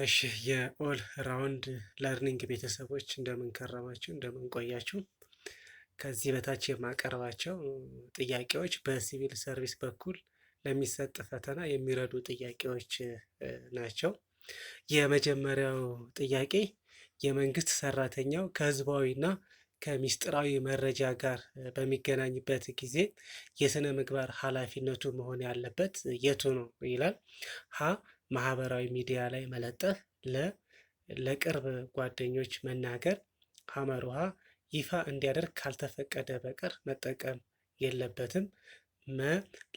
እሺ የኦል ራውንድ ለርኒንግ ቤተሰቦች እንደምንከረማችሁ እንደምንቆያችሁ። ከዚህ በታች የማቀርባቸው ጥያቄዎች በሲቪል ሰርቪስ በኩል ለሚሰጥ ፈተና የሚረዱ ጥያቄዎች ናቸው። የመጀመሪያው ጥያቄ የመንግስት ሰራተኛው ከህዝባዊና ከሚስጥራዊ መረጃ ጋር በሚገናኝበት ጊዜ የስነ ምግባር ኃላፊነቱ መሆን ያለበት የቱ ነው ይላል። ሀ ማህበራዊ ሚዲያ ላይ መለጠፍ፣ ለቅርብ ጓደኞች መናገር፣ ሀመር ውሃ ይፋ እንዲያደርግ ካልተፈቀደ በቀር መጠቀም የለበትም። መ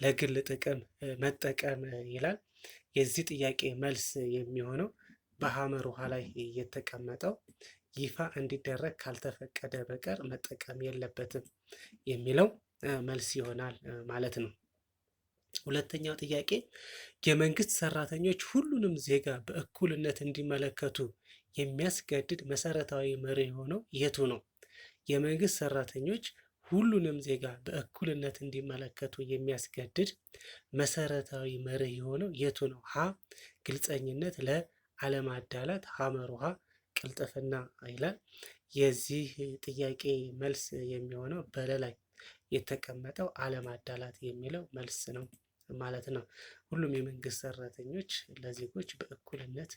ለግል ጥቅም መጠቀም ይላል። የዚህ ጥያቄ መልስ የሚሆነው በሀመር ውሃ ላይ የተቀመጠው ይፋ እንዲደረግ ካልተፈቀደ በቀር መጠቀም የለበትም የሚለው መልስ ይሆናል ማለት ነው። ሁለተኛው ጥያቄ የመንግስት ሰራተኞች ሁሉንም ዜጋ በእኩልነት እንዲመለከቱ የሚያስገድድ መሰረታዊ መርህ የሆነው የቱ ነው? የመንግስት ሰራተኞች ሁሉንም ዜጋ በእኩልነት እንዲመለከቱ የሚያስገድድ መሰረታዊ መርህ የሆነው የቱ ነው? ሀ ግልፀኝነት፣ ለ አዳላት ሐመር ውሃ ቅልጥፍና ይላል። የዚህ ጥያቄ መልስ የሚሆነው በለላይ የተቀመጠው አለማዳላት የሚለው መልስ ነው። ማለት ነው። ሁሉም የመንግስት ሰራተኞች ለዜጎች በእኩልነት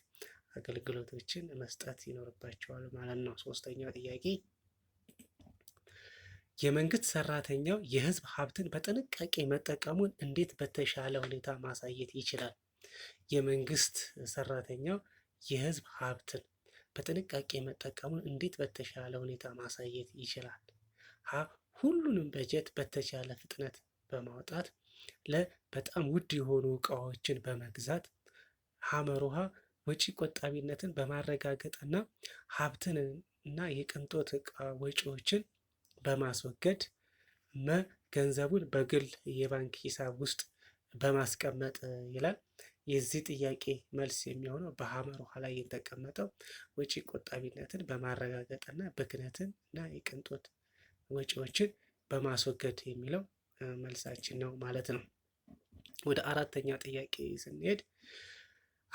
አገልግሎቶችን መስጠት ይኖርባቸዋል ማለት ነው። ሶስተኛው ጥያቄ የመንግስት ሰራተኛው የህዝብ ሀብትን በጥንቃቄ መጠቀሙን እንዴት በተሻለ ሁኔታ ማሳየት ይችላል? የመንግስት ሰራተኛው የህዝብ ሀብትን በጥንቃቄ መጠቀሙን እንዴት በተሻለ ሁኔታ ማሳየት ይችላል? ሀ ሁሉንም በጀት በተቻለ ፍጥነት በማውጣት ለበጣም ውድ የሆኑ እቃዎችን በመግዛት ሀመር ውሃ ወጪ ቆጣቢነትን በማረጋገጥ ሀብትን እና የቅንጦት እቃ ወጪዎችን በማስወገድ መ ገንዘቡን በግል የባንክ ሂሳብ ውስጥ በማስቀመጥ ይላል። የዚህ ጥያቄ መልስ የሚሆነው በሀመር ውሃ ላይ የተቀመጠው ወጪ ቆጣቢነትን በማረጋገጥና ብክነትን እና የቅንጦት ወጪዎችን በማስወገድ የሚለው መልሳችን ነው ማለት ነው። ወደ አራተኛ ጥያቄ ስንሄድ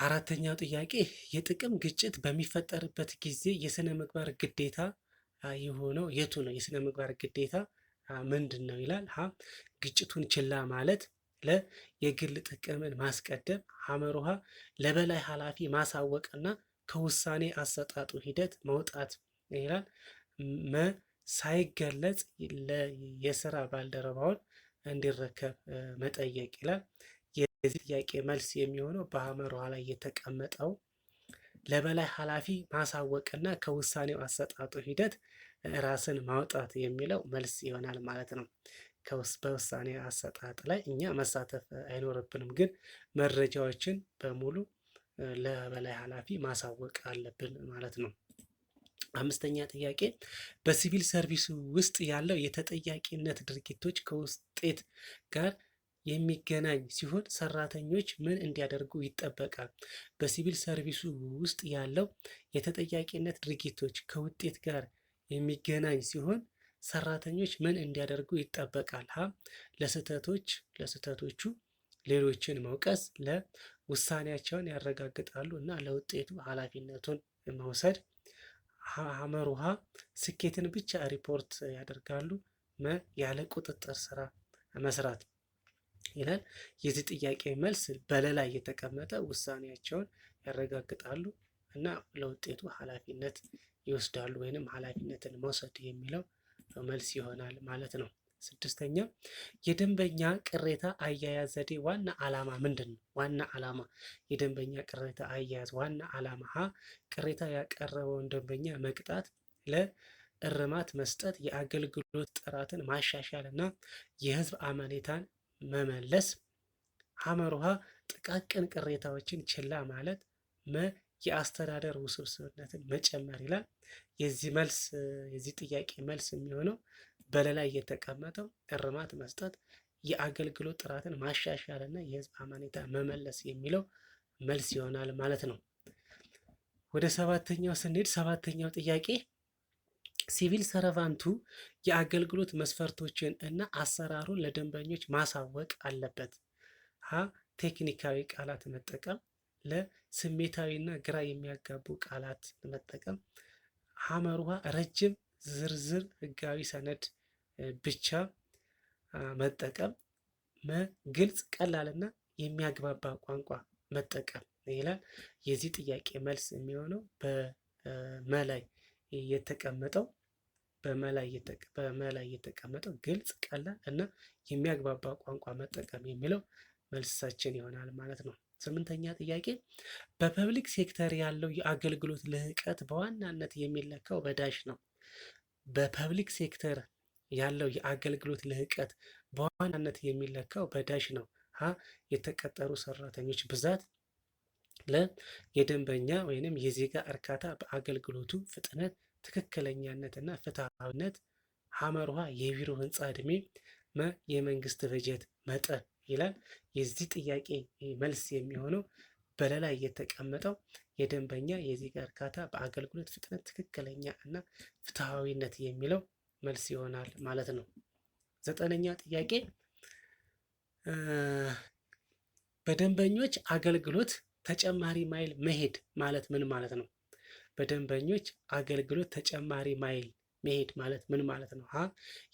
አራተኛው ጥያቄ የጥቅም ግጭት በሚፈጠርበት ጊዜ የስነ ምግባር ግዴታ የሆነው የቱ ነው? የስነ ምግባር ግዴታ ምንድን ነው ይላል። ሀ ግጭቱን ችላ ማለት፣ ለ የግል ጥቅምን ማስቀደም፣ ሐመሩሃ ለበላይ ኃላፊ ማሳወቅና ከውሳኔ አሰጣጡ ሂደት መውጣት ይላል። መ ሳይገለጽ የስራ ባልደረባውን እንዲረከብ መጠየቅ ይላል። የዚህ ጥያቄ መልስ የሚሆነው በሐመር ላይ የተቀመጠው ለበላይ ኃላፊ ማሳወቅና ከውሳኔው አሰጣጡ ሂደት ራስን ማውጣት የሚለው መልስ ይሆናል ማለት ነው። በውሳኔ አሰጣጥ ላይ እኛ መሳተፍ አይኖርብንም፣ ግን መረጃዎችን በሙሉ ለበላይ ኃላፊ ማሳወቅ አለብን ማለት ነው። አምስተኛ ጥያቄ በሲቪል ሰርቪስ ውስጥ ያለው የተጠያቂነት ድርጊቶች ከውጤት ጋር የሚገናኝ ሲሆን ሰራተኞች ምን እንዲያደርጉ ይጠበቃል? በሲቪል ሰርቪሱ ውስጥ ያለው የተጠያቂነት ድርጊቶች ከውጤት ጋር የሚገናኝ ሲሆን ሰራተኞች ምን እንዲያደርጉ ይጠበቃል? ሀ ለስህተቶች ለስህተቶቹ ሌሎችን መውቀስ፣ ለውሳኔያቸውን ያረጋግጣሉ እና ለውጤቱ ኃላፊነቱን መውሰድ ሀመር ውሃ ስኬትን ብቻ ሪፖርት ያደርጋሉ። መ ያለ ቁጥጥር ስራ መስራት ይላል። የዚህ ጥያቄ መልስ በለላ እየተቀመጠ ውሳኔያቸውን ያረጋግጣሉ እና ለውጤቱ ኃላፊነት ይወስዳሉ ወይንም ኃላፊነትን መውሰድ የሚለው መልስ ይሆናል ማለት ነው። ስድስተኛ የደንበኛ ቅሬታ አያያዝ ዘዴ ዋና ዓላማ ምንድን ነው? ዋና ዓላማ የደንበኛ ቅሬታ አያያዝ ዋና ዓላማ ሀ ቅሬታ ያቀረበውን ደንበኛ መቅጣት፣ ለእርማት መስጠት፣ የአገልግሎት ጥራትን ማሻሻል እና የህዝብ አመኔታን መመለስ። ሀመሩሃ ጥቃቅን ቅሬታዎችን ችላ ማለት መ የአስተዳደር ውስብስብነትን መጨመር ይላል። የዚህ መልስ የዚህ ጥያቄ መልስ የሚሆነው በለላይ የተቀመጠው እርማት መስጠት የአገልግሎት ጥራትን ማሻሻል ና የህዝብ አማኔታ መመለስ የሚለው መልስ ይሆናል ማለት ነው። ወደ ሰባተኛው ስንሄድ ሰባተኛው ጥያቄ ሲቪል ሰረቫንቱ የአገልግሎት መስፈርቶችን እና አሰራሩን ለደንበኞች ማሳወቅ አለበት። ሀ ቴክኒካዊ ቃላት መጠቀም፣ ለስሜታዊና ግራ የሚያጋቡ ቃላት መጠቀም፣ ሀመሩሃ ረጅም ዝርዝር ህጋዊ ሰነድ ብቻ መጠቀም ግልጽ፣ ቀላልና የሚያግባባ ቋንቋ መጠቀም ይላል። የዚህ ጥያቄ መልስ የሚሆነው በመላይ የተቀመጠው በመላይ የተቀመጠው ግልጽ፣ ቀላል እና የሚያግባባ ቋንቋ መጠቀም የሚለው መልሳችን ይሆናል ማለት ነው። ስምንተኛ ጥያቄ በፐብሊክ ሴክተር ያለው የአገልግሎት ልህቀት በዋናነት የሚለካው በዳሽ ነው። በፐብሊክ ሴክተር ያለው የአገልግሎት ልህቀት በዋናነት የሚለካው በዳሽ ነው። ሀ የተቀጠሩ ሰራተኞች ብዛት፣ ለ የደንበኛ ወይንም የዜጋ እርካታ በአገልግሎቱ ፍጥነት፣ ትክክለኛነት እና ፍትሐዊነት፣ ሀመርሃ የቢሮ ህንፃ እድሜ መ የመንግስት በጀት መጠን ይላል። የዚህ ጥያቄ መልስ የሚሆነው በለላይ የተቀመጠው የደንበኛ የዜጋ እርካታ በአገልግሎት ፍጥነት፣ ትክክለኛ እና ፍትሐዊነት የሚለው መልስ ይሆናል ማለት ነው። ዘጠነኛ ጥያቄ በደንበኞች አገልግሎት ተጨማሪ ማይል መሄድ ማለት ምን ማለት ነው? በደንበኞች አገልግሎት ተጨማሪ ማይል መሄድ ማለት ምን ማለት ነው? ሀ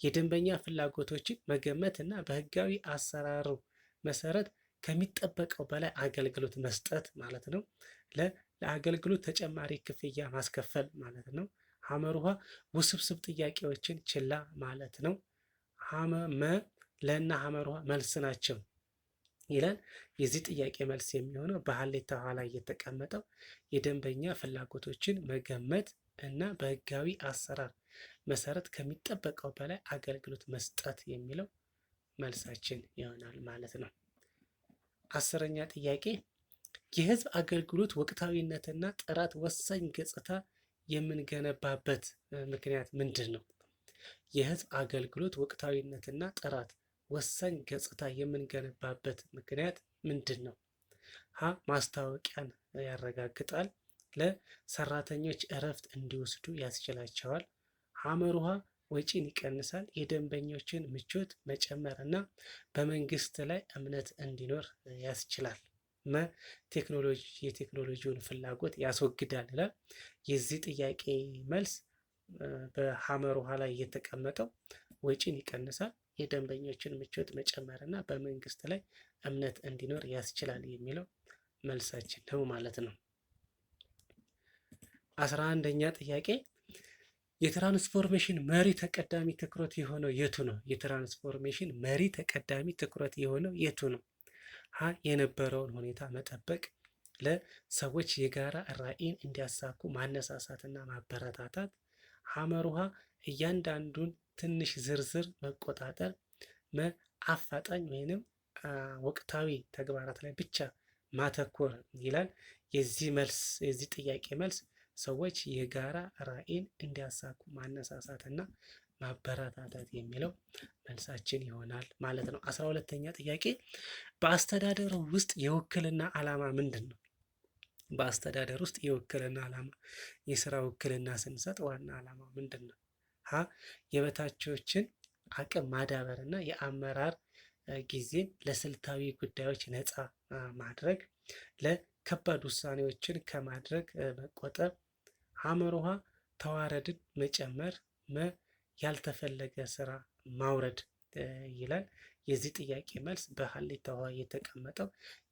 የደንበኛ ፍላጎቶችን መገመት እና በህጋዊ አሰራሩ መሰረት ከሚጠበቀው በላይ አገልግሎት መስጠት ማለት ነው። ለ ለአገልግሎት ተጨማሪ ክፍያ ማስከፈል ማለት ነው። ሀመሩሃ ውስብስብ ጥያቄዎችን ችላ ማለት ነው። መ ለእና ሀመሩሃ መልስ ናቸው ይላል። የዚህ ጥያቄ መልስ የሚሆነው በሀሌታ ላይ የተቀመጠው የደንበኛ ፍላጎቶችን መገመት እና በህጋዊ አሰራር መሰረት ከሚጠበቀው በላይ አገልግሎት መስጠት የሚለው መልሳችን ይሆናል ማለት ነው። አስረኛ ጥያቄ የህዝብ አገልግሎት ወቅታዊነትና ጥራት ወሳኝ ገጽታ የምንገነባበት ምክንያት ምንድን ነው? የህዝብ አገልግሎት ወቅታዊነትና ጥራት ወሳኝ ገጽታ የምንገነባበት ምክንያት ምንድን ነው? ሀ ማስታወቂያን ያረጋግጣል። ለሰራተኞች እረፍት እንዲወስዱ ያስችላቸዋል። ሐመሩሃ ወጪን ይቀንሳል። የደንበኞችን ምቾት መጨመር እና በመንግስት ላይ እምነት እንዲኖር ያስችላል። ቴክኖሎጂ የቴክኖሎጂውን ፍላጎት ያስወግዳል ይላል። የዚህ ጥያቄ መልስ በሐመር ውሃ ላይ የተቀመጠው ወጪን ይቀንሳል፣ የደንበኞችን ምቾት መጨመር እና በመንግስት ላይ እምነት እንዲኖር ያስችላል የሚለው መልሳችን ነው ማለት ነው። አስራ አንደኛ ጥያቄ የትራንስፎርሜሽን መሪ ተቀዳሚ ትኩረት የሆነው የቱ ነው? የትራንስፎርሜሽን መሪ ተቀዳሚ ትኩረት የሆነው የቱ ነው? ሀ የነበረውን ሁኔታ መጠበቅ ለሰዎች የጋራ ራዕይን እንዲያሳኩ ማነሳሳትና ማበረታታት ሐመሩሃ እያንዳንዱን ትንሽ ዝርዝር መቆጣጠር መ አፋጣኝ ወይንም ወቅታዊ ተግባራት ላይ ብቻ ማተኮር ይላል። የዚህ መልስ የዚህ ጥያቄ መልስ ሰዎች የጋራ ራዕይን እንዲያሳኩ ማነሳሳትና ማበረታታት የሚለው መልሳችን ይሆናል ማለት ነው። አስራ ሁለተኛ ጥያቄ በአስተዳደር ውስጥ የውክልና ዓላማ ምንድን ነው? በአስተዳደር ውስጥ የውክልና ዓላማ የስራ ውክልና ስንሰጥ ዋና ዓላማ ምንድን ነው? ሀ የበታቾችን አቅም ማዳበር እና የአመራር ጊዜን ለስልታዊ ጉዳዮች ነፃ ማድረግ፣ ለከባድ ውሳኔዎችን ከማድረግ መቆጠብ፣ ሐመር ተዋረድን መጨመር ያልተፈለገ ስራ ማውረድ ይላል። የዚህ ጥያቄ መልስ በሀሌታ ውሃ የተቀመጠው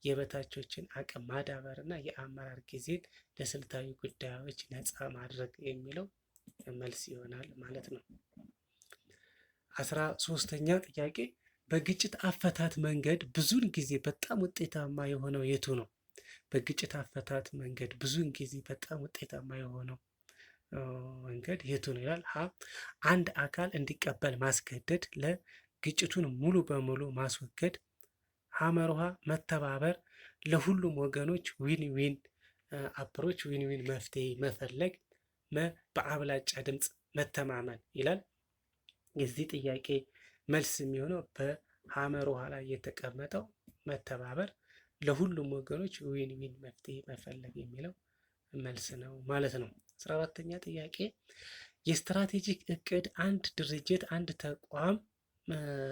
የበታቾችን አቅም ማዳበር እና የአመራር ጊዜን ለስልታዊ ጉዳዮች ነፃ ማድረግ የሚለው መልስ ይሆናል ማለት ነው። አስራ ሶስተኛ ጥያቄ በግጭት አፈታት መንገድ ብዙን ጊዜ በጣም ውጤታማ የሆነው የቱ ነው? በግጭት አፈታት መንገድ ብዙን ጊዜ በጣም ውጤታማ የሆነው መንገድ የቱ ነው ይላል። ሀ አንድ አካል እንዲቀበል ማስገደድ፣ ለግጭቱን ሙሉ በሙሉ ማስወገድ፣ ሀመርሃ መተባበር፣ ለሁሉም ወገኖች ዊን ዊን አፕሮች ዊን ዊን መፍትሄ መፈለግ፣ መ በአብላጫ ድምፅ መተማመን ይላል። የዚህ ጥያቄ መልስ የሚሆነው በሀመርሃ ላይ የተቀመጠው መተባበር፣ ለሁሉም ወገኖች ዊን ዊን መፍትሄ መፈለግ የሚለው መልስ ነው ማለት ነው። አስራ አራተኛ ጥያቄ የስትራቴጂክ እቅድ አንድ ድርጅት፣ አንድ ተቋም፣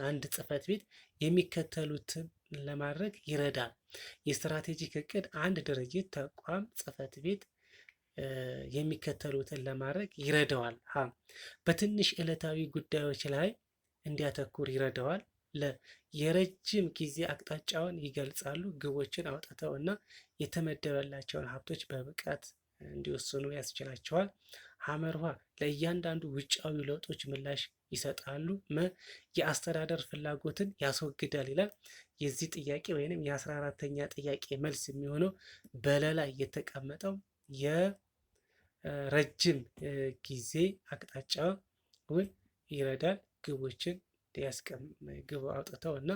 አንድ ጽህፈት ቤት የሚከተሉትን ለማድረግ ይረዳል። የስትራቴጂክ እቅድ አንድ ድርጅት፣ ተቋም፣ ጽህፈት ቤት የሚከተሉትን ለማድረግ ይረዳዋል። ሀ በትንሽ ዕለታዊ ጉዳዮች ላይ እንዲያተኩር ይረዳዋል። ለ የረጅም ጊዜ አቅጣጫውን ይገልጻሉ። ግቦችን አውጥተው እና የተመደበላቸውን ሀብቶች በብቃት እንዲወስኑ ያስችላቸዋል። ሀመርሃ ለእያንዳንዱ ውጫዊ ለውጦች ምላሽ ይሰጣሉ። መ የአስተዳደር ፍላጎትን ያስወግዳል ይላል። የዚህ ጥያቄ ወይንም የአስራ አራተኛ ጥያቄ መልስ የሚሆነው በለላ የተቀመጠው የረጅም ጊዜ አቅጣጫውን ይረዳል። ግቦችን ግብ አውጥተው እና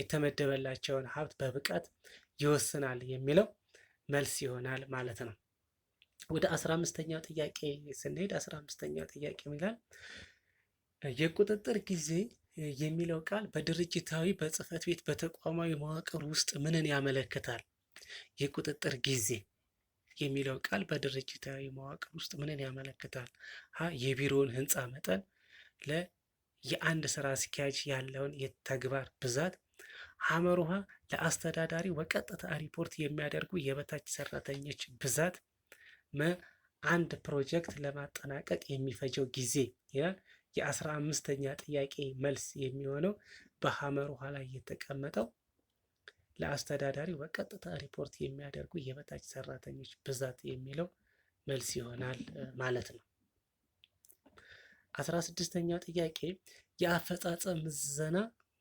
የተመደበላቸውን ሀብት በብቃት ይወስናል የሚለው መልስ ይሆናል ማለት ነው። ወደ አስራ አምስተኛው ጥያቄ ስንሄድ አስራ አምስተኛው ጥያቄ ይላል የቁጥጥር ጊዜ የሚለው ቃል በድርጅታዊ በጽህፈት ቤት በተቋማዊ መዋቅር ውስጥ ምንን ያመለክታል? የቁጥጥር ጊዜ የሚለው ቃል በድርጅታዊ መዋቅር ውስጥ ምንን ያመለክታል? ሀ የቢሮውን ህንፃ መጠን፣ ለ የአንድ ስራ አስኪያጅ ያለውን የተግባር ብዛት፣ ሐመር ውሃ ለአስተዳዳሪ በቀጥታ ሪፖርት የሚያደርጉ የበታች ሰራተኞች ብዛት አንድ ፕሮጀክት ለማጠናቀቅ የሚፈጀው ጊዜ ይላል። የአስራ አምስተኛ ጥያቄ መልስ የሚሆነው በሀመር ውሃ ላይ የተቀመጠው ለአስተዳዳሪ በቀጥታ ሪፖርት የሚያደርጉ የበታች ሰራተኞች ብዛት የሚለው መልስ ይሆናል ማለት ነው። አስራ ስድስተኛው ጥያቄ የአፈጻጸም ምዘና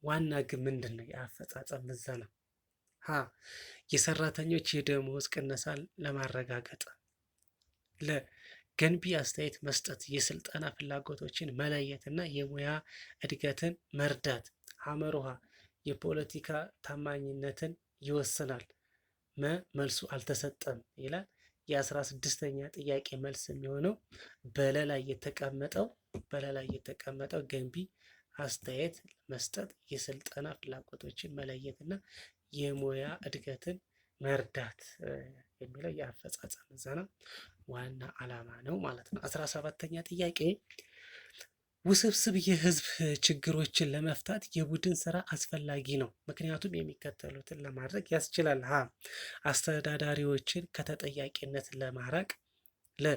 ዋና ግብ ምንድን ነው? የአፈጻጸም ምዘና ሀ የሰራተኞች የደሞዝ ቅነሳን ለማረጋገጥ ለገንቢ አስተያየት መስጠት፣ የስልጠና ፍላጎቶችን መለየት እና የሙያ እድገትን መርዳት። ሀመሩሃ የፖለቲካ ታማኝነትን ይወስናል። መ መልሱ አልተሰጠም ይላል። የአስራ ስድስተኛ ጥያቄ መልስ የሚሆነው በለላይ የተቀመጠው በለላይ የተቀመጠው ገንቢ አስተያየት መስጠት የስልጠና ፍላጎቶችን መለየት እና የሙያ እድገትን መርዳት የሚለው የአፈጻጸም ዘና ዋና ዓላማ ነው ማለት ነው። አስራ ሰባተኛ ጥያቄ ውስብስብ የህዝብ ችግሮችን ለመፍታት የቡድን ስራ አስፈላጊ ነው፣ ምክንያቱም የሚከተሉትን ለማድረግ ያስችላል። ሀ አስተዳዳሪዎችን ከተጠያቂነት ለማራቅ፣ ለ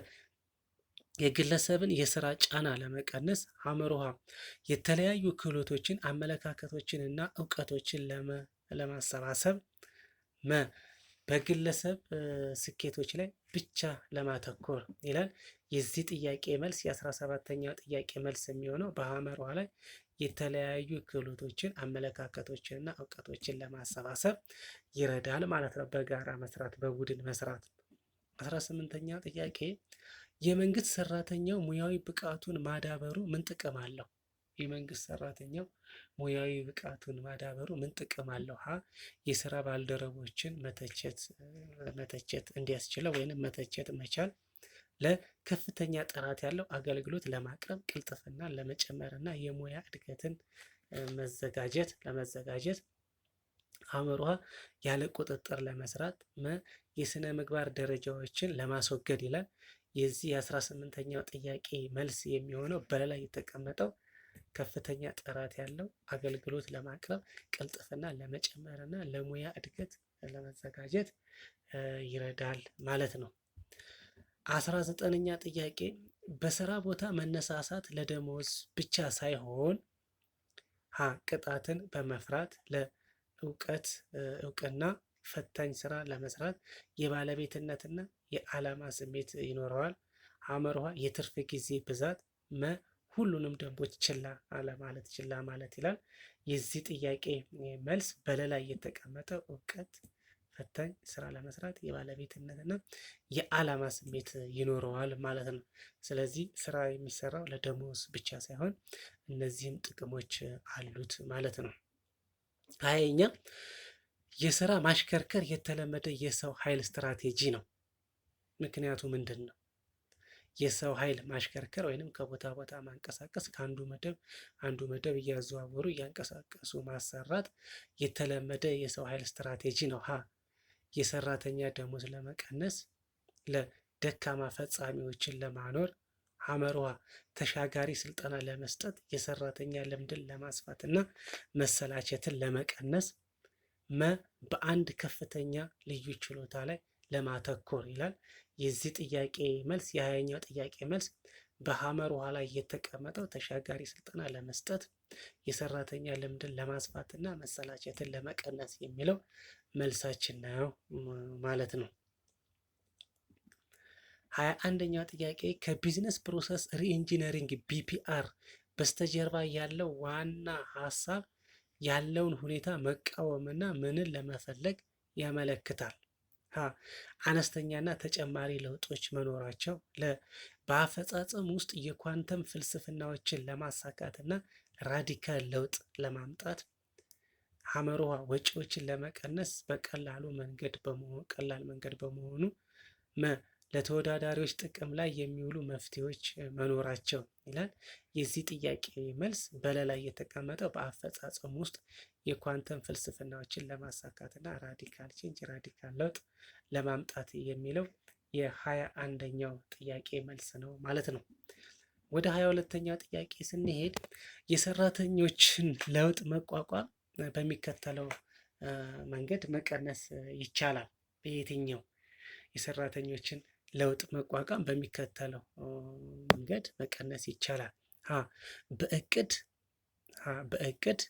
የግለሰብን የስራ ጫና ለመቀነስ፣ አመሮሃ የተለያዩ ክህሎቶችን አመለካከቶችንና እውቀቶችን ለማሰባሰብ፣ መ በግለሰብ ስኬቶች ላይ ብቻ ለማተኮር ይላል። የዚህ ጥያቄ መልስ የአስራ ሰባተኛው ጥያቄ መልስ የሚሆነው በሀመሯ ላይ የተለያዩ ክህሎቶችን አመለካከቶችንና እውቀቶችን ለማሰባሰብ ይረዳል ማለት ነው። በጋራ መስራት፣ በቡድን መስራት። አስራ ስምንተኛው ጥያቄ የመንግስት ሰራተኛው ሙያዊ ብቃቱን ማዳበሩ ምን ጥቅም አለው? የመንግስት ሰራተኛው ሙያዊ ብቃቱን ማዳበሩ ምን ጥቅም አለው? ሀ የስራ ባልደረቦችን መተቸት እንዲያስችለው ወይንም መተቸት መቻል ለከፍተኛ ጥራት ያለው አገልግሎት ለማቅረብ ቅልጥፍና ለመጨመር እና የሙያ እድገትን መዘጋጀት ለመዘጋጀት አእምሯ ያለ ቁጥጥር ለመስራት መ የስነ ምግባር ደረጃዎችን ለማስወገድ ይላል። የዚህ የአስራ ስምንተኛው ጥያቄ መልስ የሚሆነው በላይ የተቀመጠው ከፍተኛ ጥራት ያለው አገልግሎት ለማቅረብ ቅልጥፍና ለመጨመር እና ለሙያ እድገት ለመዘጋጀት ይረዳል ማለት ነው። አስራ ዘጠነኛ ጥያቄ በስራ ቦታ መነሳሳት ለደሞዝ ብቻ ሳይሆን ሀ ቅጣትን በመፍራት ለእውቀት እውቅና ፈታኝ ስራ ለመስራት የባለቤትነትና የዓላማ ስሜት ይኖረዋል። አመርሃ የትርፍ ጊዜ ብዛት መ ሁሉንም ደንቦች ችላ አለማለት ችላ ማለት ይላል። የዚህ ጥያቄ መልስ በለላ እየተቀመጠ እውቀት ፈታኝ ስራ ለመስራት የባለቤትነትና የዓላማ ስሜት ይኖረዋል ማለት ነው። ስለዚህ ስራ የሚሰራው ለደሞዝ ብቻ ሳይሆን እነዚህም ጥቅሞች አሉት ማለት ነው። ሀያኛ የስራ ማሽከርከር የተለመደ የሰው ኃይል ስትራቴጂ ነው። ምክንያቱ ምንድን ነው? የሰው ኃይል ማሽከርከር ወይንም ከቦታ ቦታ ማንቀሳቀስ፣ ከአንዱ መደብ አንዱ መደብ እያዘዋወሩ እያንቀሳቀሱ ማሰራት የተለመደ የሰው ኃይል ስትራቴጂ ነው። ሀ የሰራተኛ ደሞዝ ለመቀነስ፣ ለደካማ ፈጻሚዎችን ለማኖር፣ አመሯ ተሻጋሪ ስልጠና ለመስጠት፣ የሰራተኛ ልምድን ለማስፋት እና መሰላቸትን ለመቀነስ፣ መ በአንድ ከፍተኛ ልዩ ችሎታ ላይ ለማተኮር ይላል። የዚህ ጥያቄ መልስ የሀያኛው ጥያቄ መልስ በሀመር ውሃ ላይ የተቀመጠው ተሻጋሪ ስልጠና ለመስጠት የሰራተኛ ልምድን ለማስፋትና መሰላቸትን ለመቀነስ የሚለው መልሳችን ነው ማለት ነው። ሀያ አንደኛው ጥያቄ ከቢዝነስ ፕሮሰስ ሪኢንጂነሪንግ ቢፒአር በስተጀርባ ያለው ዋና ሀሳብ ያለውን ሁኔታ መቃወምና ምንን ለመፈለግ ያመለክታል? አነስተኛና ተጨማሪ ለውጦች መኖራቸው በአፈጻጸም ውስጥ የኳንተም ፍልስፍናዎችን ለማሳካትና ራዲካል ለውጥ ለማምጣት ሀመርዋ ወጪዎችን ለመቀነስ በቀላሉ መንገድ በመሆኑ ቀላል መንገድ በመሆኑ ለተወዳዳሪዎች ጥቅም ላይ የሚውሉ መፍትሄዎች መኖራቸው ይላል። የዚህ ጥያቄ መልስ በለላይ የተቀመጠው በአፈጻጸም ውስጥ የኳንተም ፍልስፍናዎችን ለማሳካትና ራዲካል ቼንጅ ራዲካል ለውጥ ለማምጣት የሚለው የሀያ አንደኛው ጥያቄ መልስ ነው ማለት ነው። ወደ ሀያ ሁለተኛው ጥያቄ ስንሄድ የሰራተኞችን ለውጥ መቋቋም በሚከተለው መንገድ መቀነስ ይቻላል። በየትኛው የሰራተኞችን ለውጥ መቋቋም በሚከተለው መንገድ መቀነስ ይቻላል? ሀ በእቅድ ሀ በእቅድ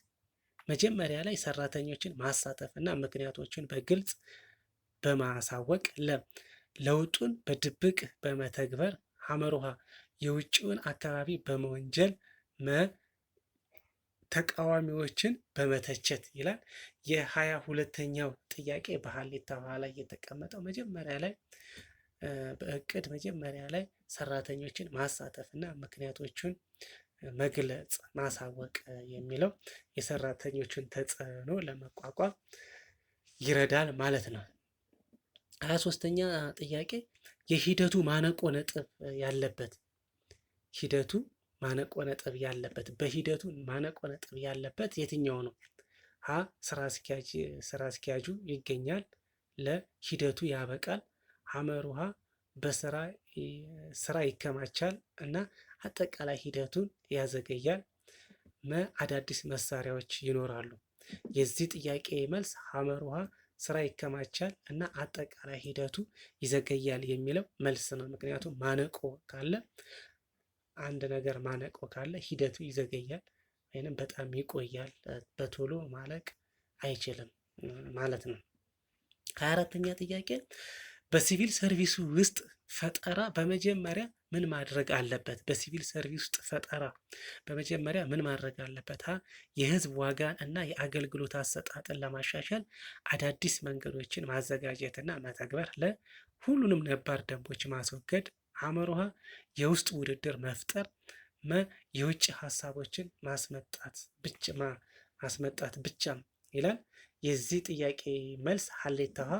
መጀመሪያ ላይ ሰራተኞችን ማሳተፍ እና ምክንያቶችን በግልጽ በማሳወቅ ለ ለውጡን በድብቅ በመተግበር አመርሃ የውጭውን አካባቢ በመወንጀል መ ተቃዋሚዎችን በመተቸት ይላል። የሀያ ሁለተኛው ጥያቄ በሀሌታ ላይ የተቀመጠው መጀመሪያ ላይ በእቅድ መጀመሪያ ላይ ሰራተኞችን ማሳተፍ እና ምክንያቶቹን መግለጽ፣ ማሳወቅ የሚለው የሰራተኞችን ተጽዕኖ ለመቋቋም ይረዳል ማለት ነው። ሀያ ሶስተኛ ጥያቄ የሂደቱ ማነቆ ነጥብ ያለበት ሂደቱ ማነቆ ነጥብ ያለበት በሂደቱ ማነቆ ነጥብ ያለበት የትኛው ነው? ሀ ስራ አስኪያጅ ስራ አስኪያጁ ይገኛል። ለሂደቱ ያበቃል። ሐመር ውሃ በስራ ስራ ይከማቻል እና አጠቃላይ ሂደቱን ያዘገያል። አዳዲስ መሳሪያዎች ይኖራሉ። የዚህ ጥያቄ መልስ ሀመር ውሃ ስራ ይከማቻል እና አጠቃላይ ሂደቱ ይዘገያል የሚለው መልስ ነው። ምክንያቱም ማነቆ ካለ አንድ ነገር ማነቆ ካለ ሂደቱ ይዘገያል ወይም በጣም ይቆያል፣ በቶሎ ማለቅ አይችልም ማለት ነው። ሀያ አራተኛ ጥያቄ በሲቪል ሰርቪስ ውስጥ ፈጠራ በመጀመሪያ ምን ማድረግ አለበት? በሲቪል ሰርቪስ ውስጥ ፈጠራ በመጀመሪያ ምን ማድረግ አለበት? የህዝብ ዋጋ እና የአገልግሎት አሰጣጥን ለማሻሻል አዳዲስ መንገዶችን ማዘጋጀትና መተግበር፣ ለሁሉንም ነባር ደንቦች ማስወገድ፣ አመሮሃ የውስጥ ውድድር መፍጠር፣ መ የውጭ ሀሳቦችን ማስመጣት ብቻ ማስመጣት ይላል። የዚህ ጥያቄ መልስ ሀሌታሃ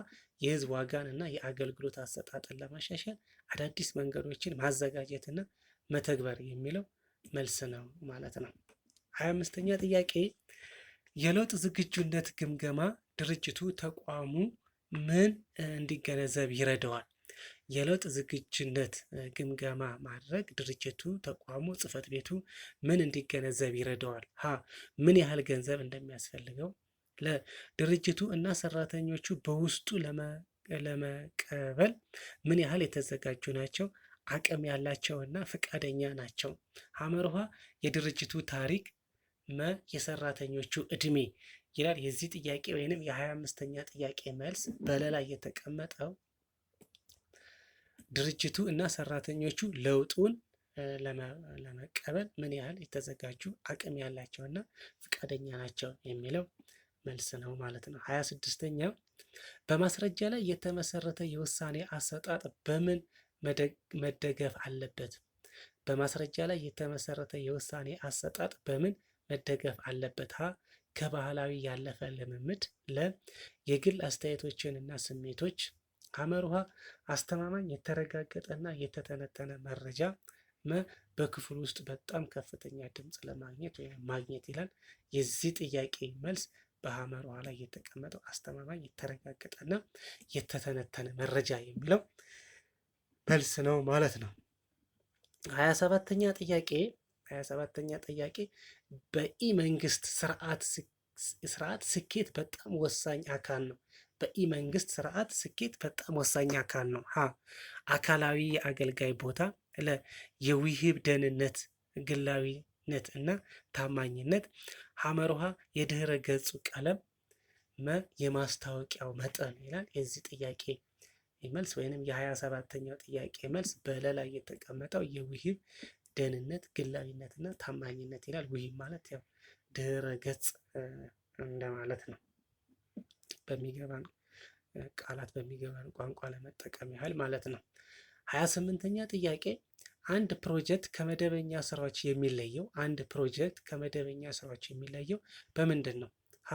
የህዝብ ዋጋን እና የአገልግሎት አሰጣጥን ለማሻሻል አዳዲስ መንገዶችን ማዘጋጀትና መተግበር የሚለው መልስ ነው ማለት ነው። ሀያ አምስተኛ ጥያቄ የለውጥ ዝግጁነት ግምገማ ድርጅቱ ተቋሙ ምን እንዲገነዘብ ይረዳዋል? የለውጥ ዝግጁነት ግምገማ ማድረግ ድርጅቱ ተቋሙ ጽህፈት ቤቱ ምን እንዲገነዘብ ይረዳዋል? ሀ ምን ያህል ገንዘብ እንደሚያስፈልገው ድርጅቱ እና ሰራተኞቹ በውስጡ ለመቀበል ምን ያህል የተዘጋጁ ናቸው? አቅም ያላቸው እና ፈቃደኛ ናቸው። ሀመርሃ የድርጅቱ ታሪክ መ የሰራተኞቹ እድሜ ይላል። የዚህ ጥያቄ ወይንም የሀያ አምስተኛ ጥያቄ መልስ በለላ የተቀመጠው ድርጅቱ እና ሰራተኞቹ ለውጡን ለመቀበል ምን ያህል የተዘጋጁ አቅም ያላቸውና ፈቃደኛ ናቸው የሚለው መልስ ነው ማለት ነው። ሀያ ስድስተኛ በማስረጃ ላይ የተመሰረተ የውሳኔ አሰጣጥ በምን መደገፍ አለበት? በማስረጃ ላይ የተመሰረተ የውሳኔ አሰጣጥ በምን መደገፍ አለበት? ሀ ከባህላዊ ያለፈ ልምምድ፣ ለ የግል አስተያየቶችንና ስሜቶች፣ አመርሃ አስተማማኝ የተረጋገጠና የተተነተነ መረጃ፣ መ በክፍል ውስጥ በጣም ከፍተኛ ድምፅ ለማግኘት ወይም ማግኘት ይላል። የዚህ ጥያቄ መልስ በሐመር ላይ የተቀመጠው አስተማማኝ የተረጋገጠና የተተነተነ መረጃ የሚለው መልስ ነው ማለት ነው። ሀያ ሰባተኛ ጥያቄ ሀያ ሰባተኛ ጥያቄ በኢ መንግስት ስርዓት ስኬት በጣም ወሳኝ አካል ነው። በኢ መንግስት ስርዓት ስኬት በጣም ወሳኝ አካል ነው። ሀ አካላዊ የአገልጋይ ቦታ፣ ለ የውህብ ደህንነት፣ ግላዊነት እና ታማኝነት ሐመር ውሃ የድህረ ገጹ ቀለም፣ መ የማስታወቂያው መጠን ይላል። የዚህ ጥያቄ መልስ ወይንም የሀያ ሰባተኛው ጥያቄ መልስ በለላይ የተቀመጠው የውሂብ ደህንነት፣ ግላዊነትና ታማኝነት ይላል። ውሂብ ማለት ያው ድህረ ገጽ እንደማለት ነው። በሚገባን ቃላት በሚገባን ቋንቋ ለመጠቀም ያህል ማለት ነው። ሀያ ስምንተኛ ጥያቄ አንድ ፕሮጀክት ከመደበኛ ስራዎች የሚለየው አንድ ፕሮጀክት ከመደበኛ ስራዎች የሚለየው በምንድን ነው? ሀ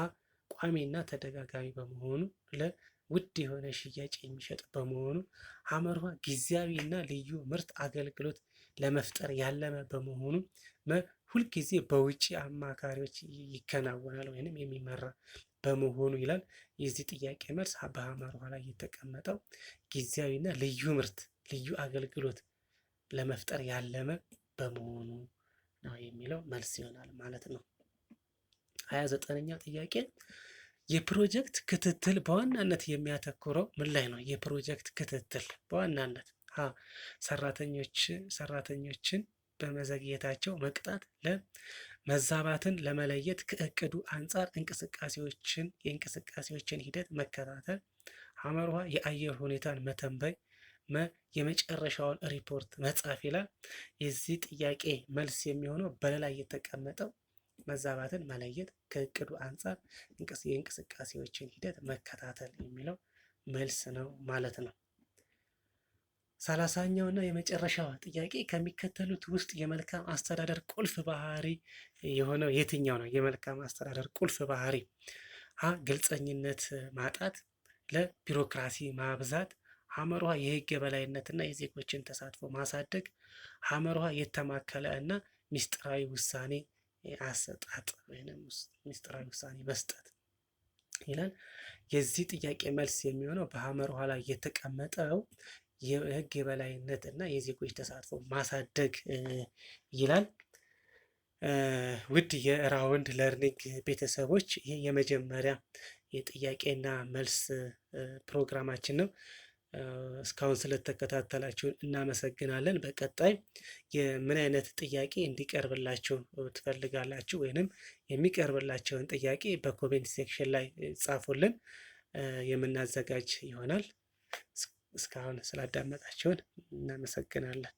ቋሚና ተደጋጋሚ በመሆኑ፣ ለ ውድ የሆነ ሽያጭ የሚሸጥ በመሆኑ፣ ሐመርሃ ጊዜያዊና ልዩ ምርት አገልግሎት ለመፍጠር ያለመ በመሆኑ፣ መ ሁልጊዜ በውጭ አማካሪዎች ይከናወናል ወይንም የሚመራ በመሆኑ ይላል። የዚህ ጥያቄ መልስ በአመርሃ ላይ የተቀመጠው ጊዜያዊና ልዩ ምርት ልዩ አገልግሎት ለመፍጠር ያለመ በመሆኑ ነው የሚለው መልስ ይሆናል ማለት ነው። ሀያ ዘጠነኛው ጥያቄ የፕሮጀክት ክትትል በዋናነት የሚያተኩረው ምን ላይ ነው? የፕሮጀክት ክትትል በዋናነት ሀ ሰራተኞች ሰራተኞችን በመዘግየታቸው መቅጣት፣ መዛባትን ለመለየት ከእቅዱ አንጻር እንቅስቃሴዎችን የእንቅስቃሴዎችን ሂደት መከታተል፣ ሐመርሃ የአየር ሁኔታን መተንበይ የመጨረሻውን ሪፖርት መጻፍ ይላል። የዚህ ጥያቄ መልስ የሚሆነው በሌላ የተቀመጠው መዛባትን መለየት፣ ከእቅዱ አንጻር የእንቅስቃሴዎችን ሂደት መከታተል የሚለው መልስ ነው ማለት ነው። ሰላሳኛው እና የመጨረሻው ጥያቄ ከሚከተሉት ውስጥ የመልካም አስተዳደር ቁልፍ ባህሪ የሆነው የትኛው ነው? የመልካም አስተዳደር ቁልፍ ባህሪ ሀ ግልፀኝነት ማጣት፣ ለቢሮክራሲ ማብዛት ውሃ የህግ የበላይነትና የዜጎችን ተሳትፎ ማሳደግ፣ ሀመርሃ የተማከለ እና ሚስጥራዊ ውሳኔ አሰጣጥ ወይም ሚስጥራዊ ውሳኔ መስጠት ይላል። የዚህ ጥያቄ መልስ የሚሆነው ውሃ ላይ የተቀመጠው የህግ የበላይነት እና የዜጎች ተሳትፎ ማሳደግ ይላል። ውድ የራውንድ ለርኒንግ ቤተሰቦች ይህ የመጀመሪያ የጥያቄና መልስ ፕሮግራማችን ነው። እስካሁን ስለተከታተላችሁ እናመሰግናለን። በቀጣይ የምን አይነት ጥያቄ እንዲቀርብላችሁ ትፈልጋላችሁ ወይንም የሚቀርብላቸውን ጥያቄ በኮሜንት ሴክሽን ላይ ጻፉልን፣ የምናዘጋጅ ይሆናል። እስካሁን ስላዳመጣችሁን እናመሰግናለን።